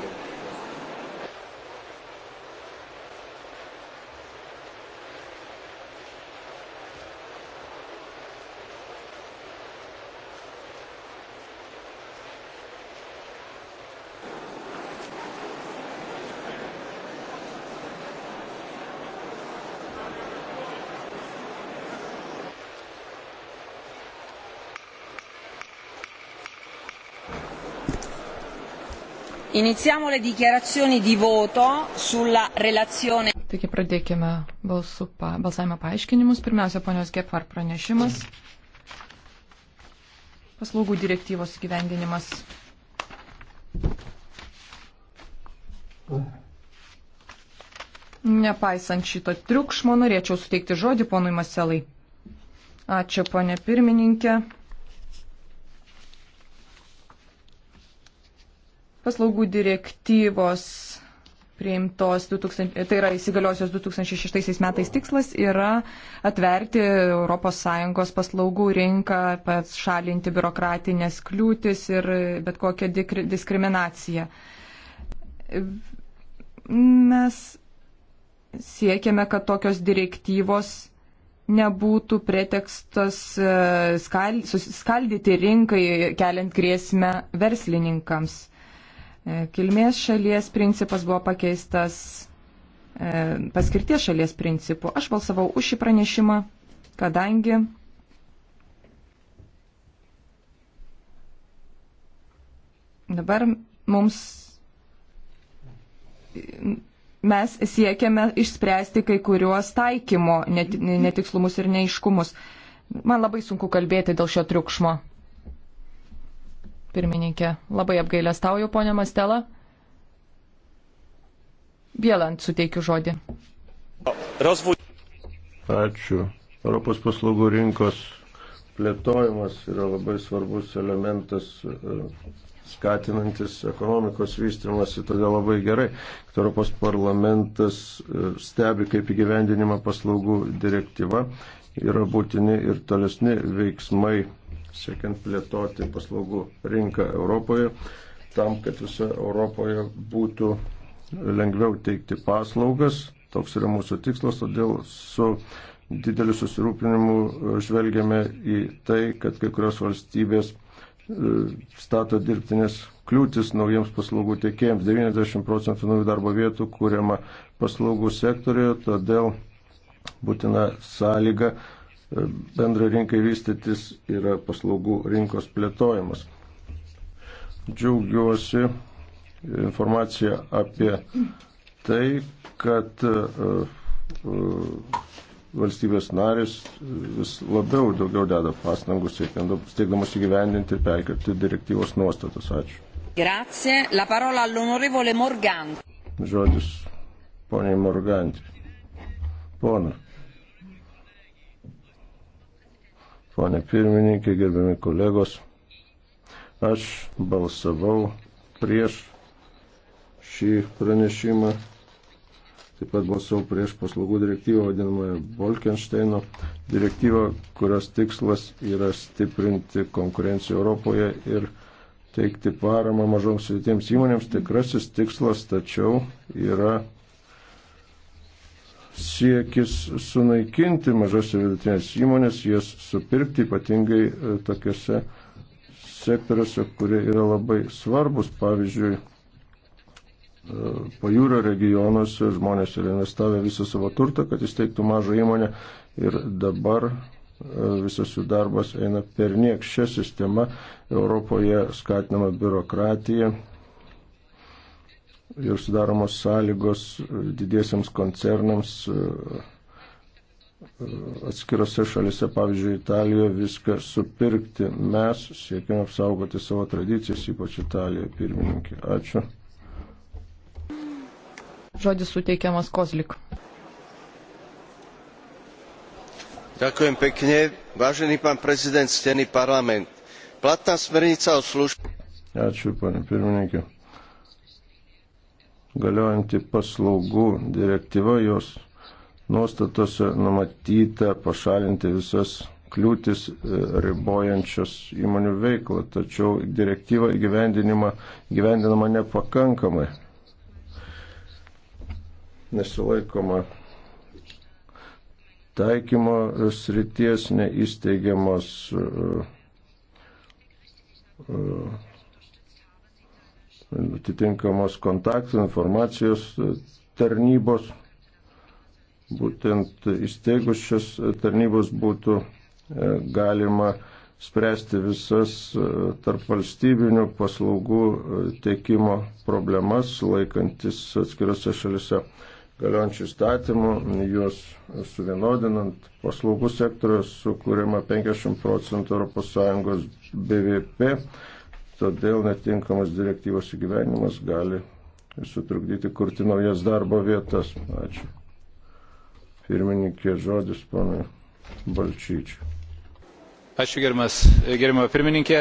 toliau Iniciamo le dichiarazioni di voto sulla relazione. Taigi pradėkime balsų, pa, balsavimo paaiškinimus. Pirmiausia, ponios Gepar pranešimas. Paslaugų direktyvos gyvendinimas. Nepaisant šito triukšmo, norėčiau suteikti žodį ponui Maselai. Ačiū, ponė pirmininkė. paslaugų direktyvos priimtos 2000, tai yra įsigaliosios 2006 metais tikslas yra atverti ES paslaugų rinką, pats šalinti biurokratinės kliūtis ir bet kokią diskriminaciją. Mes siekiame, kad tokios direktyvos nebūtų pretekstas e, skal, skaldyti rinkai, keliant grėsmę verslininkams E, kilmės šalies principas buvo pakeistas e, paskirties šalies principu. Aš balsavau už šį pranešimą, kadangi dabar mums mes siekiame išspręsti kai kuriuos taikymo netikslumus ir neiškumus. Man labai sunku kalbėti dėl šio triukšmo. Pirmininkė, labai apgailę stauju, ponė Mastela. Bielant suteikiu žodį. Ačiū. Europos paslaugų rinkos plėtojimas yra labai svarbus elementas e, skatinantis ekonomikos vystimasi, todėl labai gerai, kad Europos parlamentas e, stebi, kaip įgyvendinima paslaugų direktyva yra būtini ir tolesni veiksmai siekiant plėtoti paslaugų rinką Europoje, tam, kad visoje Europoje būtų lengviau teikti paslaugas. Toks yra mūsų tikslas, todėl su dideliu susirūpinimu e, žvelgiame į tai, kad kai kurios valstybės e, stato dirbtinės kliūtis naujiems paslaugų tiekėjams. 90 procentų naujų darbo vietų kūriama paslaugų sektorijoje, todėl būtina sąlyga bendrai rinkai vystytis yra paslaugų rinkos plėtojimas. Džiaugiuosi informacija apie tai, kad e, e, valstybės narės vis labiau daugiau deda pastangų siekdamas įgyvendinti ir perkelti direktyvos nuostatas. Ačiū. Grazie. La parola all'onorevole Morganti. Žodis poniai Morganti. Pona. Pone pirmininkė, gerbiami kolegos, aš balsavau prieš šį pranešimą. Taip pat balsavau prieš paslaugų direktyvą, vadinamąją Bolkensteino direktyvą, kurios tikslas yra stiprinti konkurenciją Europoje ir teikti paramą mažoms sudėtiems įmonėms. Tikrasis tikslas tačiau yra siekis sunaikinti mažas ir vidutinės įmonės, jas supirkti ypatingai e, tokiuose sektoriuose, kurie yra labai svarbus. Pavyzdžiui, e, pajūrio regionuose žmonės yra investavę visą savo turtą, kad įsteigtų mažą įmonę ir dabar e, visas jų darbas eina per niek. Šią sistemą Europoje skatinama biurokratija, ir sudaromos sąlygos didiesiams koncernams e, e, atskirose šalise, pavyzdžiui, Italijoje viską supirkti. Mes siekime apsaugoti savo tradicijas, ypač Italijoje, pirmininkė. Ačiū. Žodis suteikiamas Kozlik. Ďakujem pekne. Vážený pán prezident, stený parlament. Platná smernica o služb... Ačiū, pane pirmininkė galiojanti paslaugų direktyva, jos nuostatose numatyta pašalinti visas kliūtis e, ribojančios įmonių veiklą, tačiau direktyva įgyvendinama nepakankamai. Nesilaikoma taikymo srities neįsteigiamos uh, uh, atitinkamos kontaktų informacijos tarnybos. Būtent įsteigus šias tarnybos būtų e, galima spręsti visas e, tarp valstybinių paslaugų e, teikimo problemas, laikantis atskirose šalise galiojančių įstatymų, juos suvienodinant paslaugų sektorius sukūrima 50 procentų ES BVP Todėl netinkamas direktyvos įgyvenimas gali sutrukdyti kurti naujas darbo vietas. Ačiū. Pirmininkė žodis, ponai Balčyčiai. Ačiū gerimas, gerima pirmininkė.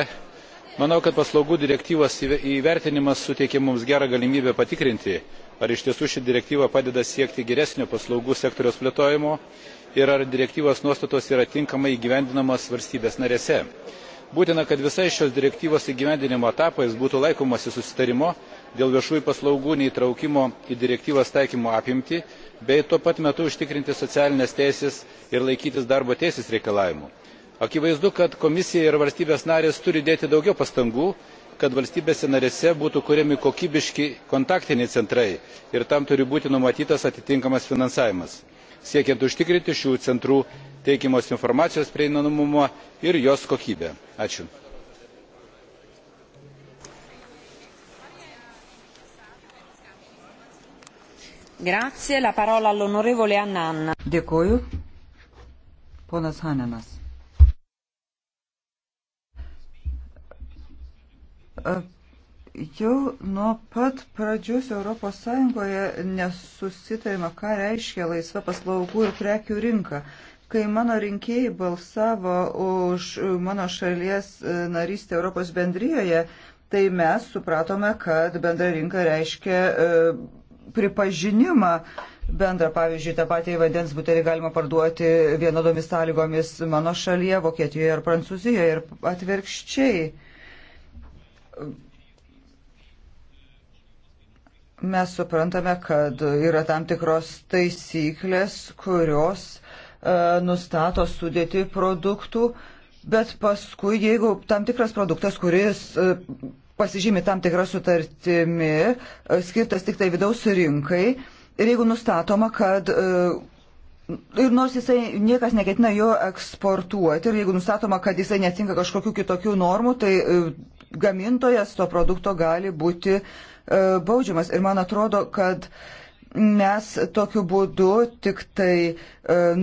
Manau, kad paslaugų direktyvos įvertinimas suteikia mums gerą galimybę patikrinti, ar iš tiesų ši direktyva padeda siekti geresnio paslaugų sektoriaus plėtojimo ir ar direktyvos nuostatos yra tinkamai įgyvendinamos valstybės narėse būtina kad visais šios direktyvos įgyvendinimo etapais būtų laikomasi susitarimo dėl viešųjų paslaugų neįtraukimo į direktyvos taikymo apimtį bei tuo pat metu užtikrinti socialines teises ir laikytis darbo teisės reikalavimų. akivaizdu kad komisija ir valstybės narės turi dėti daugiau pastangų kad valstybėse narėse būtų kuriami kokybiški kontaktiniai centrai ir tam turi būti numatytas atitinkamas finansavimas siekiant užtikrinti šių centrų teikiamos informacijos prieinamumą ir jos kokybę. Ačiū. Grazie, la parola all'onorevole Annan. Dėkoju. Ponas Hanenas. Jau nuo pat pradžios ES nesusitarima, ką reiškia laisva paslaugų ir prekių rinka. Kai mano rinkėjai balsavo už mano šalies e, narystę Europos bendryjoje, tai mes supratome, kad bendra rinka reiškia e, pripažinimą bendrą, pavyzdžiui, tą patį vandens butelį galima parduoti vienodomis sąlygomis mano šalyje, Vokietijoje ar Prancūzijoje ir atvirkščiai mes suprantame, kad yra tam tikros taisyklės, kurios e, nustato sudėti produktų, bet paskui, jeigu tam tikras produktas, kuris e, pasižymi tam tikrą sutartimi, e, skirtas tik tai vidaus rinkai, ir jeigu nustatoma, kad e, Ir nors jisai niekas neketina jo eksportuoti ir jeigu nustatoma, kad jisai netinka kažkokių kitokių normų, tai e, gamintojas to produkto gali būti uh, E, baudžiamas. Ir man atrodo, kad mes tokiu būdu tik tai e,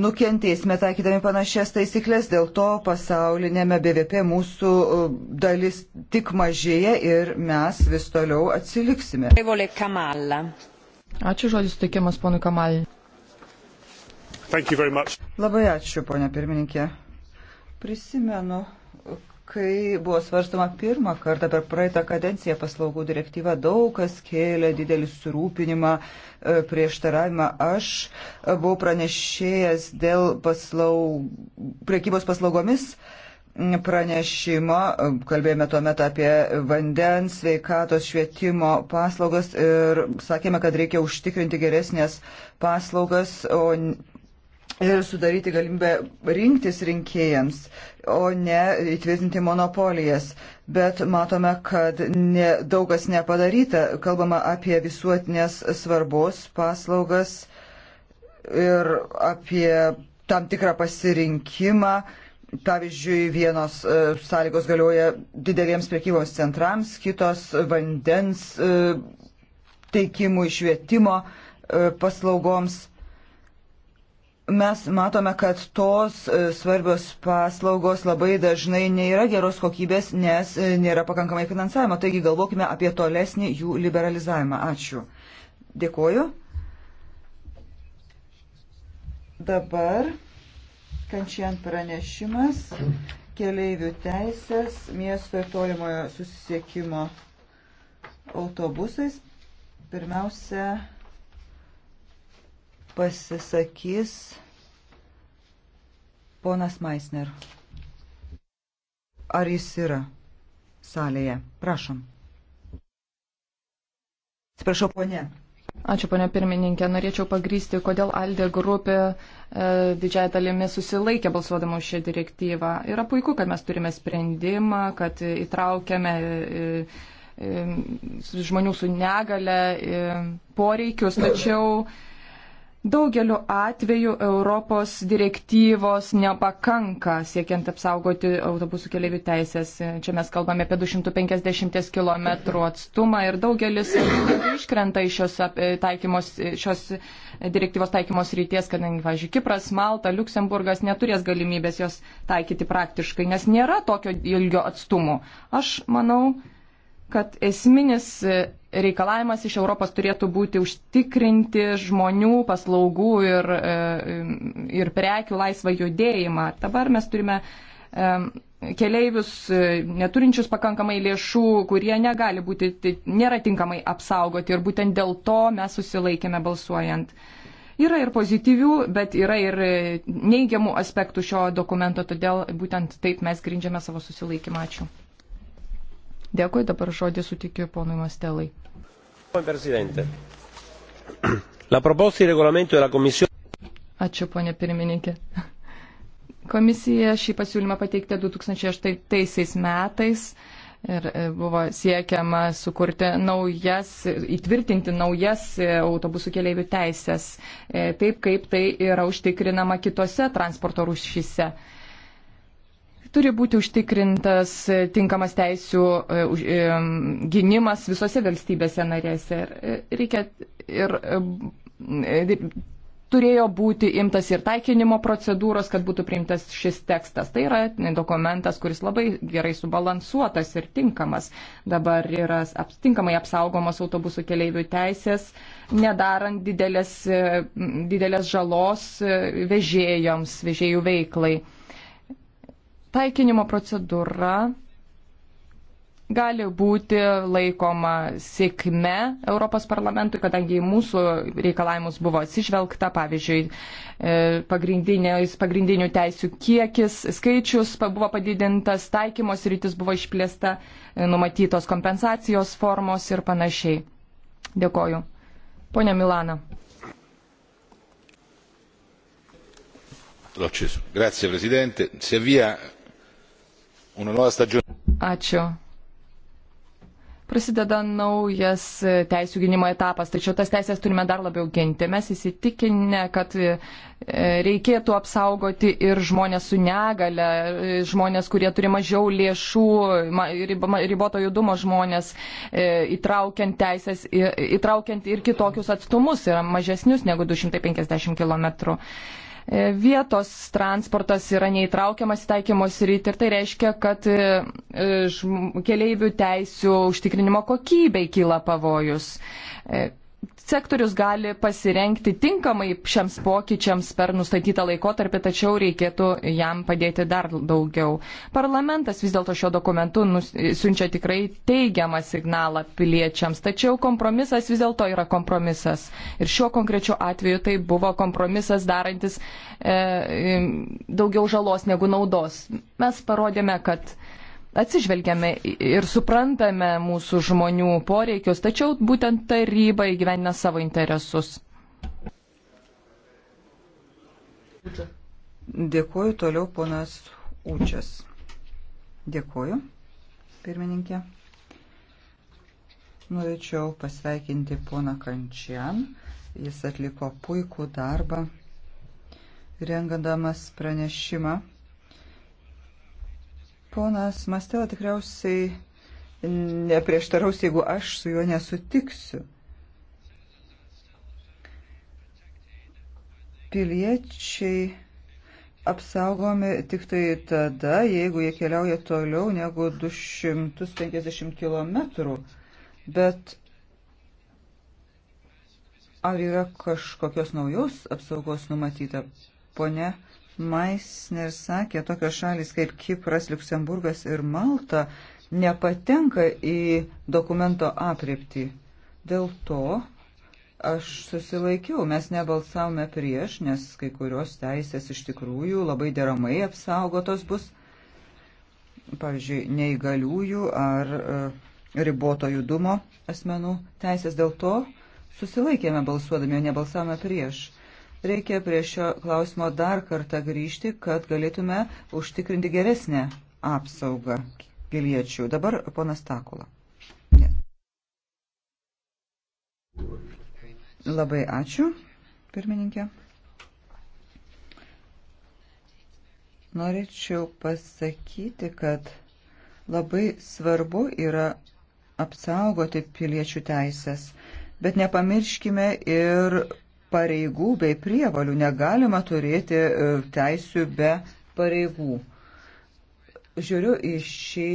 nukentėsime taikydami panašias taisyklės, dėl to pasaulinėme BVP mūsų e, dalis tik mažėja ir mes vis toliau atsiliksime. Ačiū žodis suteikiamas ponui Kamalį. Labai ačiū, ponia pirmininkė. Prisimenu Kai buvo svarstama pirmą kartą per praeitą kadenciją paslaugų direktyva, daug kas kėlė didelį surūpinimą, e, prieštaravimą. Aš e, buvau pranešėjęs dėl paslaug... priekybos paslaugomis pranešimo, e, kalbėjome tuo metu apie vandens, sveikatos, švietimo paslaugas ir sakėme, kad reikia užtikrinti geresnės paslaugas, o ir sudaryti galimybę rinktis rinkėjams, o ne įtvirtinti monopolijas. Bet matome, kad ne, daug kas nepadaryta. Kalbama apie visuotinės svarbos paslaugas ir apie tam tikrą pasirinkimą. Pavyzdžiui, vienos e, sąlygos galioja dideliems prekybos centrams, kitos vandens e, teikimų išvietimo e, paslaugoms mes matome, kad tos e, svarbios paslaugos labai dažnai nėra geros kokybės, nes e, nėra pakankamai finansavimo. Taigi galvokime apie tolesnį jų liberalizavimą. Ačiū. Dėkoju. Dabar kančiant pranešimas keleivių teisės miesto ir tolimojo susisiekimo autobusais. Pirmiausia, pasisakys ponas Maisner. Ar jis yra salėje? Prašom. Atsiprašau, ponė. Ačiū, ponė pirmininkė. Norėčiau pagrysti, kodėl Aldė grupė e, didžiai dalimi susilaikė balsuodama už šią direktyvą. Yra puiku, kad mes turime sprendimą, kad įtraukėme. E, e, e, žmonių su negale e, poreikius, tačiau Daugeliu atveju Europos direktyvos nepakanka siekiant apsaugoti autobusų keliaivių teisės. Čia mes kalbame apie 250 km atstumą ir daugelis iškrenta iš šios, taikymos, šios direktyvos taikymos ryties, kadangi, važiuoju, Kipras, Malta, Luksemburgas neturės galimybės jos taikyti praktiškai, nes nėra tokio ilgio atstumų. Aš manau, kad esminis reikalavimas iš Europos turėtų būti užtikrinti žmonių, paslaugų ir, e, ir prekių laisvą judėjimą. Dabar mes turime e, keleivius e, neturinčius pakankamai lėšų, kurie negali būti, nėra tinkamai apsaugoti ir būtent dėl to mes susilaikėme balsuojant. Yra ir pozityvių, bet yra ir neigiamų aspektų šio dokumento, todėl būtent taip mes grindžiame savo susilaikymą. Ačiū. Dėkui, dabar žodį sutikiu ponui Mastelai. Ačiū, ponė pirmininkė. Komisija šį pasiūlymą pateikė 2008 metais ir e, buvo siekiama sukurti naujas, įtvirtinti naujas autobusų keliaivių teisės, e, taip kaip tai yra užtikrinama kitose transporto rūšyse. Turi būti užtikrintas e, tinkamas teisų e, e, gynimas visose valstybėse narėse. Reikia ir turėjo būti imtas ir taikinimo procedūros, kad būtų priimtas šis tekstas. Tai yra dokumentas, kuris labai gerai subalansuotas ir tinkamas. Dabar yra apstinkamai apsaugomos autobusų keleivių teisės, nedarant didelės, didelės žalos vežėjams, vežėjų veiklai. Taikinimo procedūra gali būti laikoma sėkme Europos parlamentui, kadangi į mūsų reikalavimus buvo atsižvelgta, pavyzdžiui, e, pagrindinių teisių kiekis, skaičius buvo padidintas, taikymos rytis buvo išplėsta, e, numatytos kompensacijos formos ir panašiai. Dėkoju. Pone Milana. Grazie Presidente. Si avvia Ačiū. Prasideda naujas teisų gynimo etapas, tačiau tas teisės turime dar labiau ginti. Mes įsitikinę, kad e, reikėtų apsaugoti ir žmonės su negale, e, žmonės, kurie turi mažiau lėšų, riboto judumo žmonės, e, įtraukiant, teisės, įtraukiant ir kitokius atstumus, yra mažesnius negu 250 km. E, vietos transportas yra neįtraukiamas į taikymos rytį ir tai reiškia, kad e, e, keleivių teisų užtikrinimo kokybei kyla pavojus sektorius gali pasirenkti tinkamai šiems pokyčiams per nustatytą laikotarpį, tačiau reikėtų jam padėti dar daugiau. Parlamentas vis dėlto šio dokumentu nus, siunčia tikrai teigiamą signalą piliečiams, tačiau kompromisas vis dėlto yra kompromisas. Ir šiuo konkrečiu atveju tai buvo kompromisas darantis e, daugiau žalos negu naudos. Mes parodėme, kad atsižvelgiame ir suprantame mūsų žmonių poreikius, tačiau būtent taryba įgyvendina savo interesus. Dėkuoju toliau ponas Ūčias. Dėkuoju, pirmininkė. Norėčiau pasveikinti poną Kančian. Jis atliko puikų darbą, rengandamas pranešimą Ponas Mastela tikriausiai neprieštaraus, jeigu aš su juo nesutiksiu. Piliečiai apsaugomi tik tai tada, jeigu jie keliauja toliau negu 250 km. Bet ar yra kažkokios naujos apsaugos numatyta, ponė? Maisner sakė, tokios šalis kaip Kipras, Luksemburgas ir Malta nepatenka į dokumento apriepti. Dėl to aš susilaikiau, mes nebalsavome prieš, nes kai kurios teisės iš tikrųjų labai deramai apsaugotos bus, pavyzdžiui, neįgaliųjų ar e, riboto judumo asmenų teisės. Dėl to susilaikėme balsuodami, o nebalsavome prieš. Reikia prie šio klausimo dar kartą grįžti, kad galėtume užtikrinti geresnę apsaugą piliečių. Dabar ponas Takula. Ne. Labai ačiū, pirmininkė. Norėčiau pasakyti, kad labai svarbu yra apsaugoti piliečių teisės, bet nepamirškime ir pareigų bei prievalių. Negalima turėti e, teisių be pareigų. Žiūriu į šį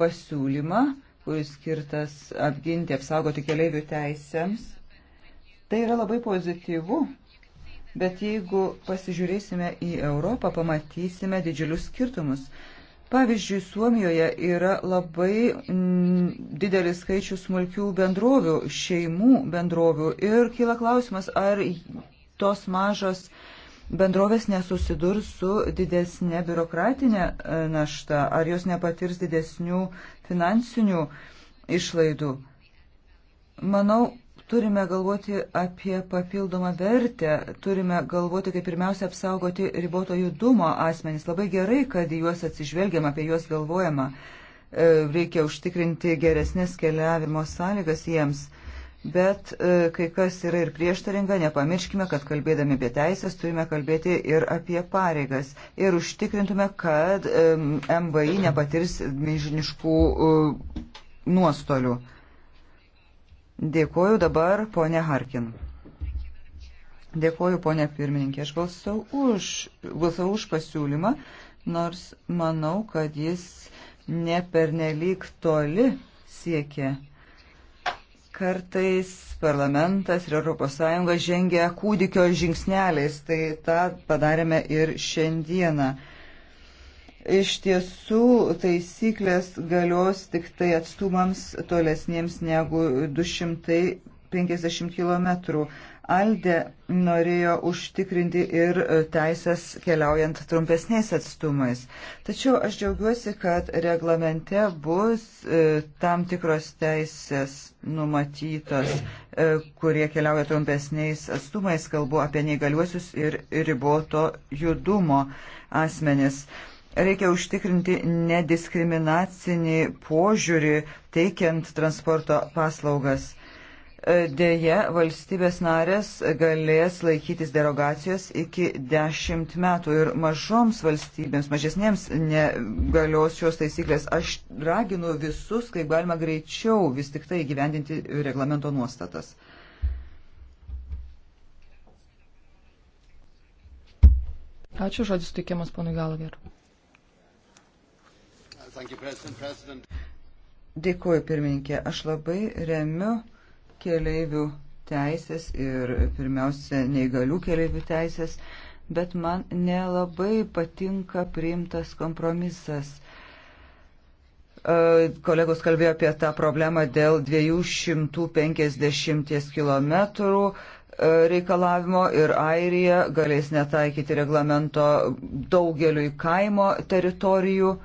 pasiūlymą, kuris skirtas apginti, apsaugoti keliaivių teisėms. Tai yra labai pozityvu, bet jeigu pasižiūrėsime į Europą, pamatysime didžiulius skirtumus. Pavyzdžiui, Suomijoje yra labai mm, didelis skaičius smulkių bendrovių, šeimų bendrovių ir kyla klausimas, ar tos mažos bendrovės nesusidurs su didesnė biurokratinė e, našta, ar jos nepatirs didesnių finansinių išlaidų. Manau, turime galvoti apie papildomą vertę, turime galvoti, kaip pirmiausia apsaugoti riboto judumo asmenys. Labai gerai, kad juos atsižvelgiam, apie juos galvojama. E, reikia užtikrinti geresnės keliavimo sąlygas jiems. Bet e, kai kas yra ir prieštaringa, nepamirškime, kad kalbėdami apie teisės turime kalbėti ir apie pareigas. Ir užtikrintume, kad MVI nepatirs milžiniškų e, nuostolių. Dėkuoju dabar ponė Harkin. Dėkuoju ponė pirmininkė. Aš balsau už, balsau už pasiūlymą, nors manau, kad jis ne pernelyg toli siekia. Kartais parlamentas ir ES žengia kūdikio žingsneliais, tai tą padarėme ir šiandieną. Iš tiesų taisyklės galios tik tai atstumams tolesniems negu 250 km. Alde norėjo užtikrinti ir teisės keliaujant trumpesniais atstumais. Tačiau aš džiaugiuosi, kad reglamente bus e, tam tikros teisės numatytos, e, kurie keliauja trumpesniais atstumais, kalbu apie neįgaliuosius ir riboto judumo asmenis. Reikia užtikrinti nediskriminacinį požiūrį teikiant transporto paslaugas. E, Deja, valstybės narės galės laikytis derogacijos iki 10 metų ir mažoms valstybėms, mažesnėms negalios šios taisyklės. Aš raginu visus, kaip galima greičiau vis tik tai gyvendinti reglamento nuostatas. Ačiū žodis teikiamas ponui Galager. Dėkuoju, pirmininkė. Aš labai remiu keleivių teisės ir pirmiausia neįgalių keleivių teisės, bet man nelabai patinka priimtas kompromisas e, kolegos kalbėjo apie tą problemą dėl 250 km e, reikalavimo ir Airija galės netaikyti reglamento daugeliui kaimo teritorijų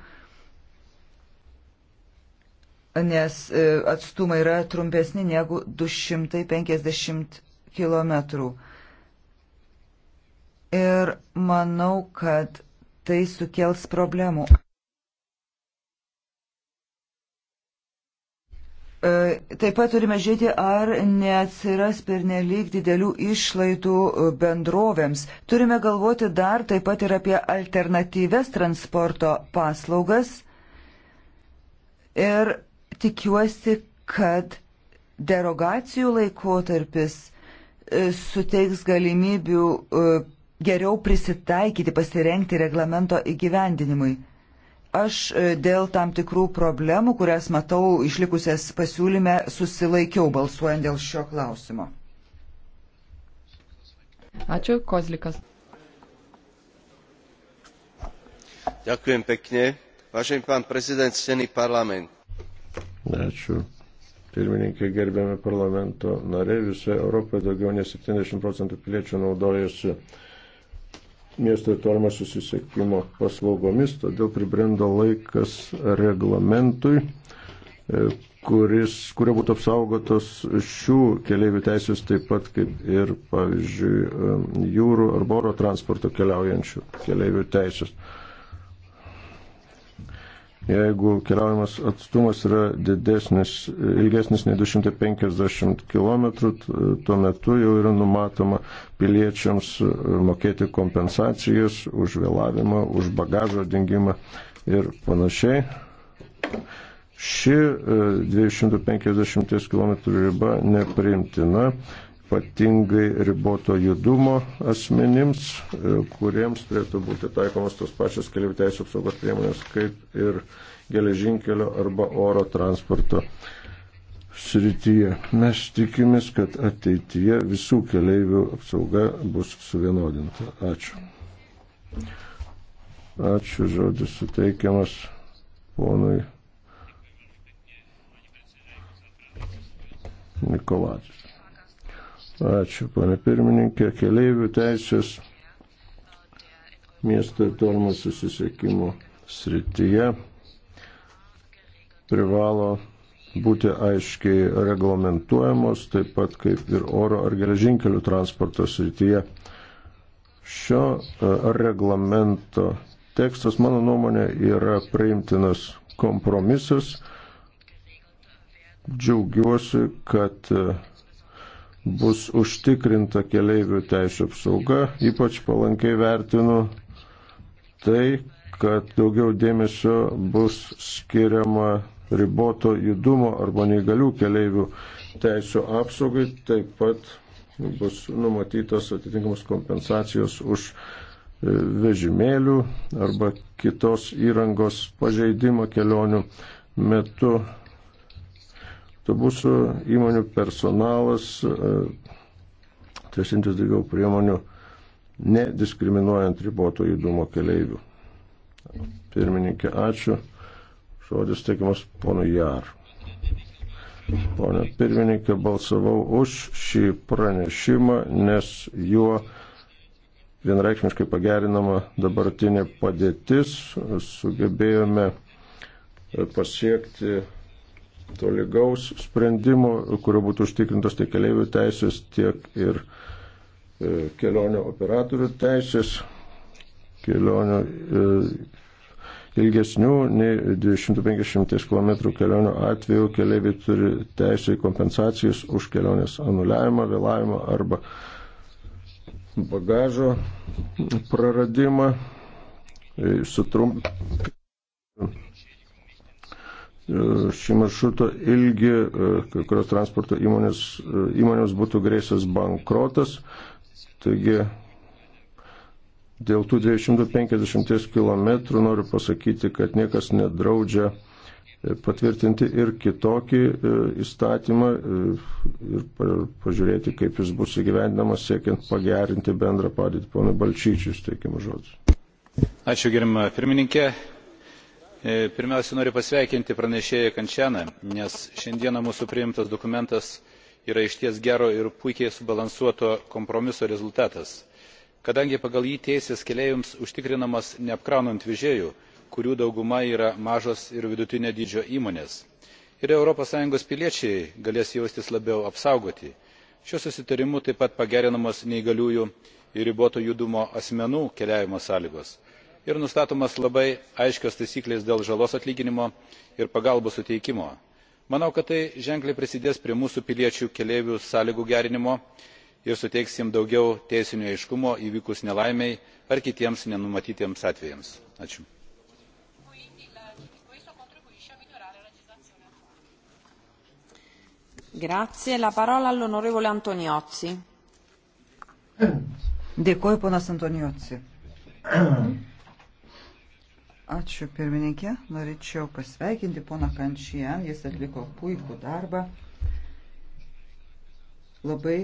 nes e, atstumai yra trumpesni negu 250 km. Ir manau, kad tai sukels problemų. E, taip pat turime žiūrėti, ar neatsiras pernelyg didelių išlaidų bendrovėms. Turime galvoti dar taip pat ir apie alternatyves transporto paslaugas. Ir tikiuosi, kad derogacijų laikotarpis e, suteiks galimybių e, geriau prisitaikyti, pasirengti reglamento įgyvendinimui. Aš e, dėl tam tikrų problemų, kurias matau išlikusias pasiūlyme, susilaikiau balsuojant dėl šio klausimo. Ačiū, Kozlikas. Ďakujem pekne. Vážený pán prezident, stený parlament Ačiū. Pirmininkė gerbėme parlamento nariai. Visoje Europoje daugiau nei 70 procentų piliečių naudojasi miesto ir tolimo susisiekimo paslaugomis, todėl pribrendo laikas reglamentui, e, kuris, kurio būtų apsaugotos šių keliaivių teisės taip pat kaip ir, pavyzdžiui, e, jūrų ar oro transporto keliaujančių keliaivių teisės. Jeigu keliaujamas atstumas yra didesnis, ilgesnis nei 250 km, tuo metu jau yra numatoma piliečiams e, mokėti kompensacijas už vėlavimą, už bagažo dingimą ir panašiai. Ši 250 e, km riba nepriimtina ypatingai riboto judumo asmenims, e, kuriems turėtų būti taikomas tos pačios kelių teisų apsaugos priemonės kaip ir geležinkelio arba oro transporto srityje. Mes tikimės, kad ateityje visų keleivių apsauga bus suvienodinta. Ačiū. Ačiū žodis suteikiamas ponui Nikolačius. Ačiū, pane pirmininkė. Keleivių teisės miesto ir tolimo susisiekimo srityje privalo būti aiškiai reglamentuojamos, taip pat kaip ir oro ar geležinkelių transporto srityje. Šio e, reglamento tekstas, mano nuomonė, yra priimtinas kompromisas. Džiaugiuosi, kad e, bus užtikrinta keleivių teisų apsauga. Ypač palankiai vertinu tai, kad daugiau dėmesio bus skiriama riboto judumo arba neįgalių keleivių teisų apsaugai. Taip pat bus numatytos atitinkamos kompensacijos už e, vežimėlių arba kitos įrangos pažeidimą kelionių metu to mūsų įmonių personalas e, tiesintis daugiau priemonių, nediskriminuojant riboto judumo keleivių. Pirmininkė, ačiū. Žodis teikiamas pono Jar. Pone pirmininkė, balsavau už šį pranešimą, nes juo vienreikšmiškai pagerinama dabartinė padėtis. Sugebėjome pasiekti tolygaus sprendimo, kurio būtų užtikrintos tiek keliaivių teisės, tiek ir e, kelionio operatorių teisės, kelionio e, ilgesnių nei 250 km kelionio atveju keliaiviai turi teisę į kompensacijas už kelionės anuliavimą, vėlavimą arba bagažo praradimą, e, sutrumpinimą šį maršruto ilgį, e, kai kurios transporto įmonės, e, įmonės būtų grėsęs bankrotas. Taigi dėl tų 250 km noriu pasakyti, kad niekas nedraudžia e, patvirtinti ir kitokį įstatymą ir pažiūrėti, kaip jis bus įgyvendinamas, siekiant pagerinti bendrą padėtį. Pana Balčyčius, teikiamas žodis. Ačiū, gerima pirmininkė. E, pirmiausia noriu pasveikinti pranešėją kančianą nes šiandieną mūsų priimtas dokumentas yra išties gero ir puikiai subalansuoto kompromiso rezultatas kadangi pagal jį teisės keleiviams užtikrinamos neapkraunant vežėjų kurių dauguma yra mažos ir vidutinio dydžio įmonės ir europos sąjungos piliečiai galės jaustis labiau apsaugoti. šiuo susitarimu taip pat pagerinamos neįgaliųjų ir riboto judumo asmenų keliavimo sąlygos ir nustatomos labai aiškios taisyklės dėl žalos atlyginimo ir pagalbos suteikimo. manau kad tai ženkliai prisidės prie mūsų piliečių keleivių sąlygų gerinimo ir suteiks jiems daugiau teisinio aiškumo įvykus nelaimei ar kitiems nenumatytiems atvejams. Dėkuoju, ponas Antonijoci. Ačiū pirmininkė. Norėčiau pasveikinti poną Kančijan. Jis atliko puikų darbą. Labai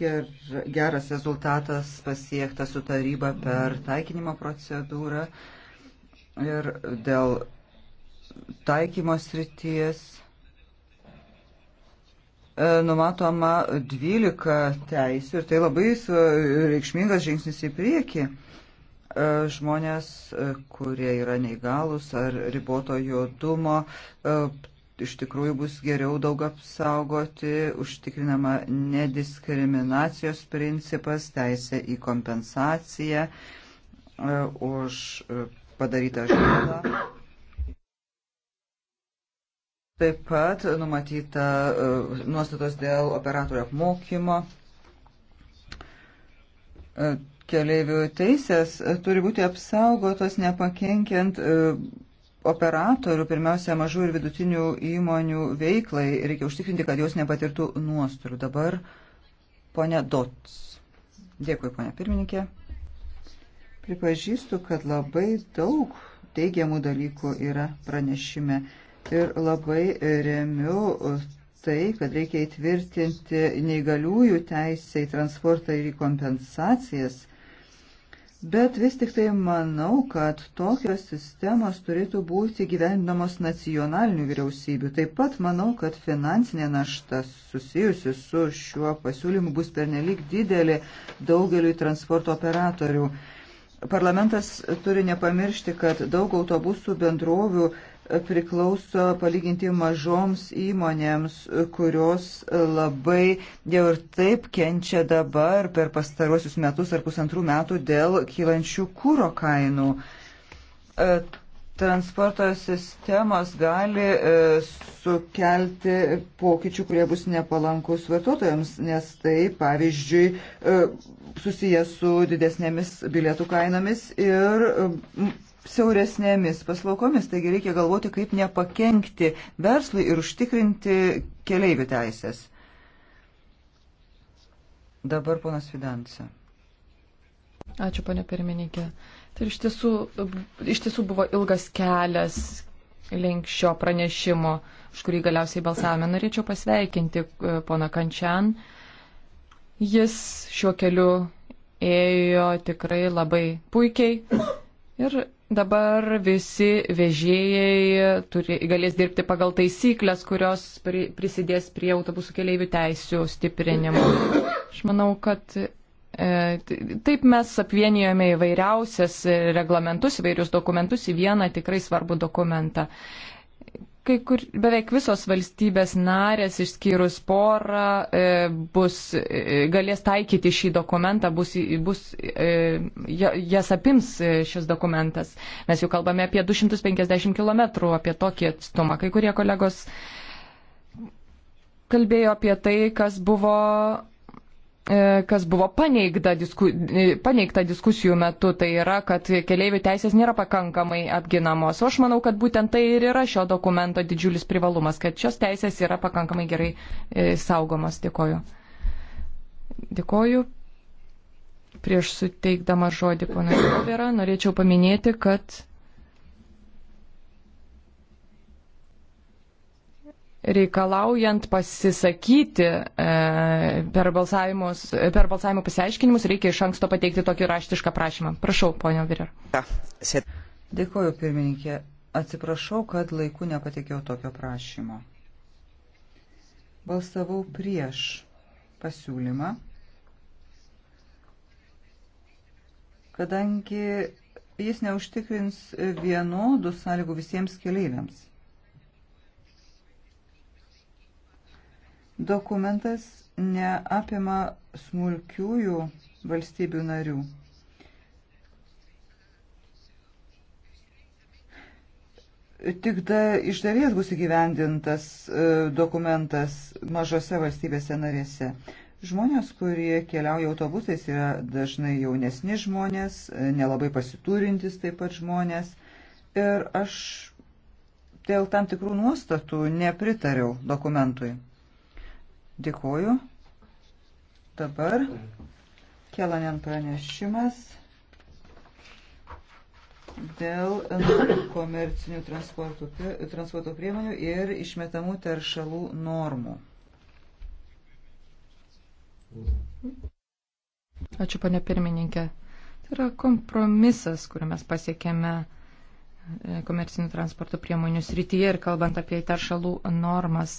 ger, geras rezultatas pasiektas su taryba per taikinimo procedūrą ir dėl taikymo srities e, numatoma 12 teisų ir tai labai reikšmingas žingsnis į priekį. E, žmonės, e, kurie yra neįgalus ar riboto juodumo, e, iš tikrųjų bus geriau daug apsaugoti, užtikrinama nediskriminacijos principas, teisė į kompensaciją už padarytą žalą. Taip pat numatyta nuostatos dėl operatorių apmokymo keleivių teisės turi būti apsaugotos nepakenkiant e, operatorių, pirmiausia, mažų ir vidutinių įmonių veiklai. Reikia užtikrinti, kad jos nepatirtų nuostolių. Dabar ponia Dots. Dėkui, ponia pirmininkė. Pripažįstu, kad labai daug teigiamų dalykų yra pranešime ir labai remiu tai, kad reikia įtvirtinti neįgaliųjų teisę į transportą ir į kompensacijas – Bet vis tik tai manau, kad tokios sistemos turėtų būti gyvendamos nacionalinių vyriausybių. Taip pat manau, kad finansinė našta susijusi su šiuo pasiūlymu bus pernelyg didelė daugeliui transporto operatorių. Parlamentas turi nepamiršti, kad daug autobusų bendrovių priklauso palyginti mažoms įmonėms, kurios labai jau ir taip kenčia dabar per pastaruosius metus ar pusantrų metų dėl kylančių kūro kainų. E, transporto sistemos gali e, sukelti pokyčių, kurie bus nepalankus vartotojams, nes tai, pavyzdžiui, e, susijęs su didesnėmis bilietų kainomis ir siauresnėmis paslaugomis, taigi reikia galvoti, kaip nepakenkti verslui ir užtikrinti keleivių teisės. Dabar ponas Fidansa. Ačiū, ponė pirmininkė. Tai iš tiesų, iš tiesų buvo ilgas kelias link šio pranešimo, už kurį galiausiai balsavome. Norėčiau pasveikinti e, poną Kančian. Jis šiuo keliu ėjo tikrai labai puikiai ir Dabar visi vežėjai turi, galės dirbti pagal taisyklės, kurios pri, prisidės prie autobusų keliaivių teisų stiprinimo. Aš manau, kad e, taip mes apvienijome įvairiausias reglamentus, įvairius dokumentus į vieną tikrai svarbų dokumentą. Kai kur beveik visos valstybės narės, išskyrus porą, e, bus, e, galės taikyti šį dokumentą, bus, bus, e, jas apims šis dokumentas. Mes jau kalbame apie 250 km, apie tokį atstumą. Kai kurie kolegos kalbėjo apie tai, kas buvo E, kas buvo paneigta, disku, e, paneigta diskusijų metu, tai yra, kad keliaivių teisės nėra pakankamai apginamos. O aš manau, kad būtent tai ir yra šio dokumento didžiulis privalumas, kad šios teisės yra pakankamai gerai e, saugomas. Dėkoju. Dėkoju. Prieš suteikdama žodį, ponas Kovera, norėčiau paminėti, kad reikalaujant pasisakyti e, per, per balsavimo pasiaiškinimus, reikia iš anksto pateikti tokį raštišką prašymą. Prašau, ponio Virer. Dėkuoju, pirmininkė. Atsiprašau, kad laiku nepatikėjau tokio prašymo. Balsavau prieš pasiūlymą, kadangi jis neužtikrins vienodų sąlygų visiems keleiviams. Dokumentas neapima smulkiųjų valstybių narių. Tik da, iš dalies bus įgyvendintas e, dokumentas mažose valstybėse narėse. Žmonės, kurie keliauja autobusais, yra dažnai jaunesni žmonės, e, nelabai pasiturintis taip pat žmonės. Ir aš dėl tam tikrų nuostatų nepritariau dokumentui. Dėkuoju. Dabar Kelanen pranešimas dėl komercinių transporto priemonių ir išmetamų teršalų normų. Ačiū, panė pirmininkė. Tai yra kompromisas, kurį mes pasiekėme e, komercinių transporto priemonių srityje ir kalbant apie teršalų normas.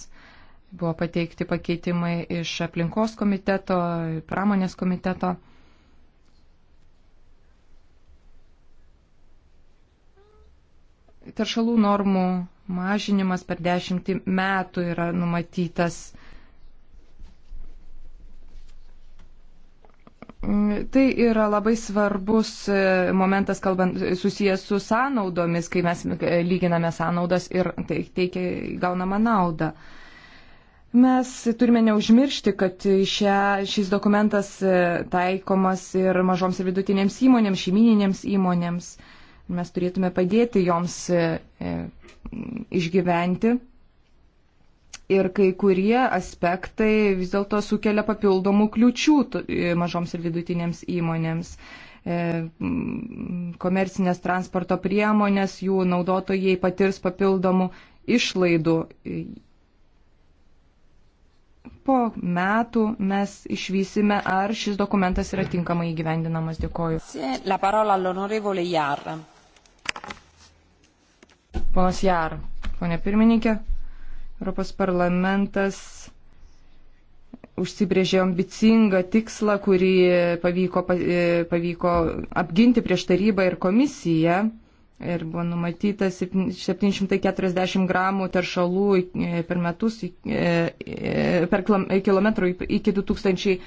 Buvo pateikti pakeitimai iš aplinkos komiteto, pramonės komiteto. Taršalų normų mažinimas per dešimtį metų yra numatytas. Tai yra labai svarbus e, momentas, kalbant, e, susijęs su sąnaudomis, kai mes e, lyginame sąnaudas ir tai teikia gaunamą naudą. Uh, Mes turime neužmiršti, kad šia, šis dokumentas e, taikomas ir mažoms ir vidutinėms įmonėms, šeimininėms įmonėms. Mes turėtume padėti joms e, e, išgyventi. Ir kai kurie aspektai vis dėlto sukelia papildomų kliučių mažoms ir vidutinėms įmonėms komercinės transporto priemonės, jų naudotojai patirs papildomų išlaidų, po metų mes išvysime, ar šis dokumentas yra tinkamai įgyvendinamas. Dėkoju. La parola all'onorevole Jar. Ponas Jar, ponė pirmininkė, Europos parlamentas užsibrėžė ambicingą tikslą, kurį pavyko, e, pavyko apginti prieš tarybą ir komisiją ir buvo numatyta 740 gramų teršalų e, per metus e, e, per kilometrų iki 2013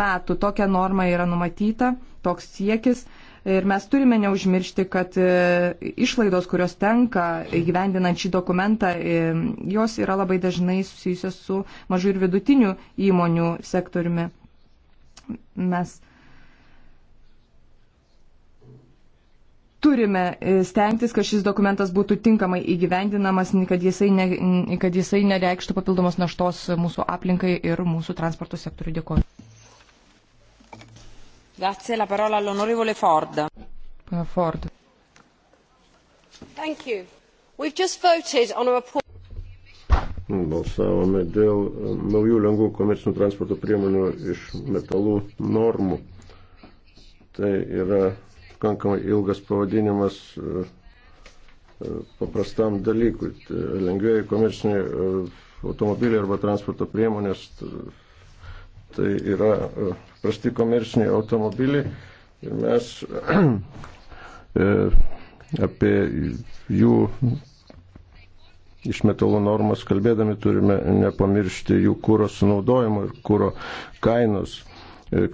metų. Tokia norma yra numatyta, toks siekis. Ir mes turime neužmiršti, kad išlaidos, kurios tenka įgyvendinant šį dokumentą, jos yra labai dažnai susijusios su mažų ir vidutinių įmonių sektoriumi. Mes turime e, stengtis, kad šis dokumentas būtų tinkamai įgyvendinamas, kad jisai, ne, kad jisai nereikštų papildomos naštos mūsų aplinkai ir mūsų transporto sektoriui. Dėkuoju. Grazie, la parola all'onorevole Ford. Pana Ford. Thank you. We've just voted on a report. Balsavome dėl e, naujų lengvų komercinių transporto priemonių iš metalų normų. Tai yra pakankamai ilgas pavadinimas e, e, paprastam dalykui. Tai Lengvėjai komerciniai e, automobiliai arba transporto priemonės tai yra prasti komerciniai automobiliai ir mes apie jų išmetalų normas kalbėdami turime nepamiršti jų kūro sunaudojimo ir kūro kainos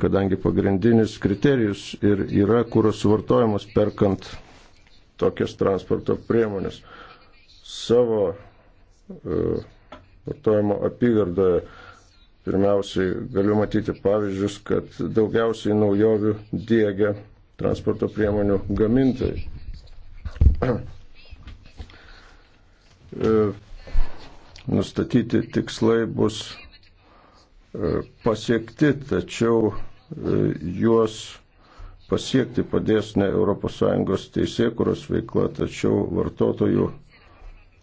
kadangi pagrindinis kriterijus ir yra kūros suvartojimas perkant tokias transporto priemonės. Savo uh, vartojimo apygardoje pirmiausiai galiu matyti pavyzdžius, kad daugiausiai naujovių dėgia transporto priemonių gamintojai. E, nustatyti tikslai bus pasiekti, tačiau e, juos pasiekti padės ne ES teisėkuros veikla, tačiau vartotojų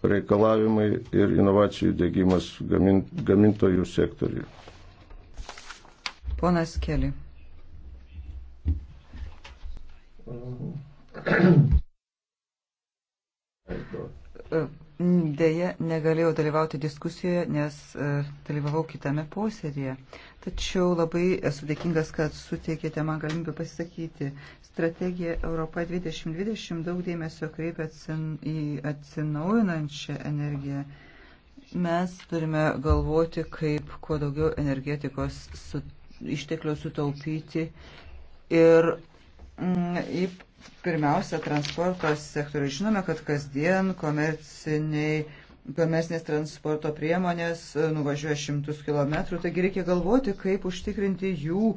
reikalavimai ir inovacijų dėgymas gamintojų sektoriui. Ponas Keli. Deja, negalėjau dalyvauti diskusijoje, nes e, dalyvavau kitame posėdėje. Tačiau labai esu dėkingas, kad suteikėte man galimybę pasisakyti. Strategija Europa 2020 daug dėmesio kreipia atsin, į atsinaujinančią energiją. Mes turime galvoti, kaip kuo daugiau energetikos su, išteklių sutaupyti ir mm, pirmiausia transporto sektoriui. Žinome, kad kasdien komerciniai Pamesnės transporto priemonės e, nuvažiuoja šimtus kilometrų, taigi reikia galvoti, kaip užtikrinti jų